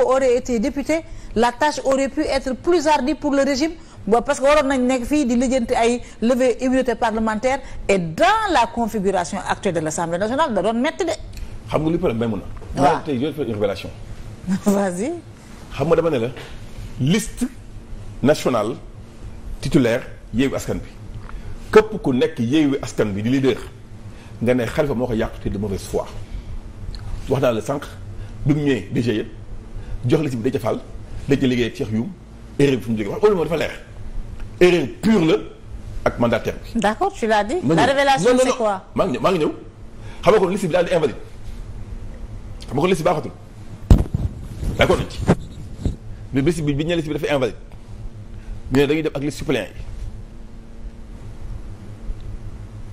Sonko aurait été député la tâche aurait pu être plus pour le régime parce que waroon nañ nekk fii di lijjanti ay lever et dans la configuration actuelle de l'Assemblée nationale da doon métti de. xam nga li problème may mun a. waaw tey je xam nga dama ne la liste nationale Askan bi képp ku nekk Yewwi Askan bi di leader nga ne Khalifa moo ko yàq te de mauvaise foi wax naa la sànq du mu ñëwee DG yëpp. jox la si bi daca fal daca liggéey ak Cheikh Youm erreur bi fu mu jógee wax loolu moom dafa leer erreur pure la ak mandataire bi. d'accord tu l'as dit. la révélation c'est quoi maa ngi ñëw maa ngi ñëw xam nga kon liste bi daal di invalide nga kon liste baaxatul d'accord bi bi ñu ne liste bi dafa dañuy def ak liste suppléant yi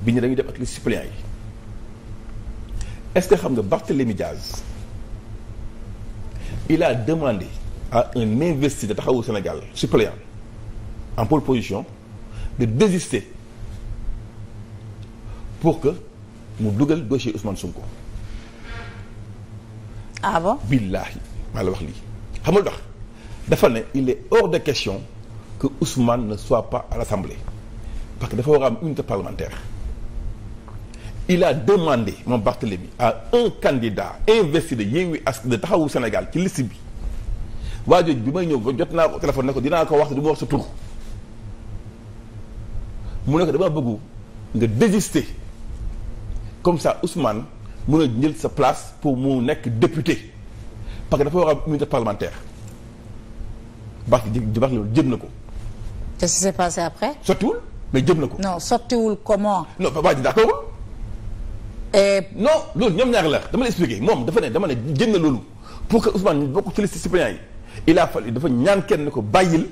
bi ñu ne dañuy def ak liste suppléant yi est-ce que xam nga Barthélémy Diaz. il a demandé à un investisseur taxawu Sénégal suppléant en pole position de désister pour que mu dugal dossier Ousmane Sonko. ah bon. billaahi maa la wax lii xam nga lu dafa ne il est hors de question que Ousmane ne soit pas à l'Assemblée parce que dafa war am unité parlementaire. il a demandé moom Barthélémy à un candidat investi de Yewwi Askan de taxawu Sénégal ci liste bi waa jooju bi may ñëw ba jot naa ko téléphone ko dinaa ko wax du ma wax sa tur mu ne ko dama bëggu nga désister comme ça Ousmane mun a jël sa place pour mu nekk député parce que dafa wax a immunité parlementaire Barth di Barth jëm na ko. qu'est-ce qui s'est passé après. jëm na ko. non sottiwul comment. Eh, non loolu ñoom ñaar la dama la expliqué moom dafa ne dama ne génn loolu pour que Ousmane bokk ci liste suppléants yi il a fallu dafa ñaan kenn ne ko bàyyil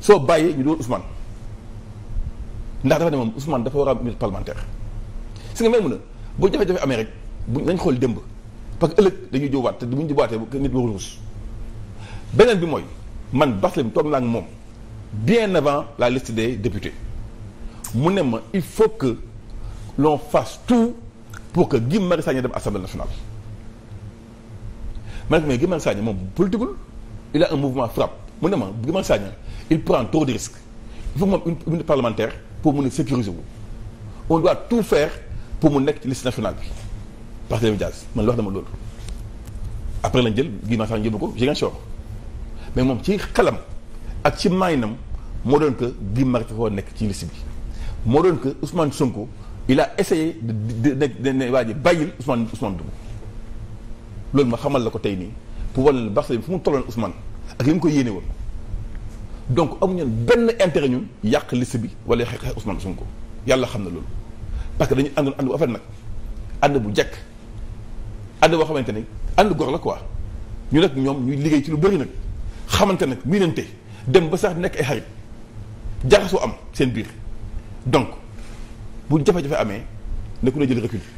soo bàyyee ñu doon Ousmane ndax dafa ne moom Ousmane dafa war a am parlementaire si nga may mën a bu jafe-jafe amee rek bu nañ xool dëmb parce que ëllëg dañuy jëwaat te bu ñu jëwaatee nit warul rus beneen bi mooy man Barthélémy toog naa ak moom bien avant la liste de députés mu ne ma il faut que l'on fasse tout pour que Guy Marius Sagna dem assemblée nationale ma ne ko mais Guy Marius Sagna moom politique il a un mouvement frappe mu ne ma Guy Marius il prend trop de risques il faut moom une une parlementaire pour mun a sécuriser wu on doit tout faire pour mu nekk ci liste nationale bi parce que dañu jaas man wax dama loolu après lañ jël Guy Marius Sagna yóbbu ko Ziguinchor mais moom ci xelam ak ci maynam moo doon ko Guy Marius nekk ci liste bi moo doon que Ousmane Sonko. il a essayé de de ne waa ji bàyyil Ousmane Ousmane dugg loolu ma xamal la ko tey nii pour wane ne Barcelone fu mu tolloon Ousmane ak li mu ko yéene woon donc amuñu benn intérêt ñun yàq liste bi wala xeex xeex Ousmane Sonko yàlla xam na loolu parce que dañu àndoon ànd bu affaire nag ànd bu jekk ànd boo xamante ni ànd gor la quoi ñu nag ñoom ñuy liggéey ci lu bëri nag xamante nag miinante dem ba sax nekk ay xarit jaxasoo am seen biir bu jafe-jafe amee na ku ne jël recul.